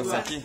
Esse aqui.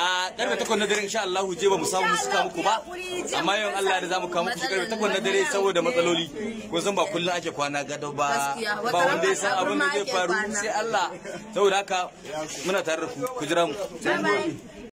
a dan takwas na dare insha Allah je ba mu samu musu muku ba amma yawan Allah da zamu kawo muku karfe takwas na dare saboda matsaloli ko zan ba kullun ake kwana gado ba ba wanda ya san abin da zai faru sai Allah saboda haka muna tare da ku ku jira mu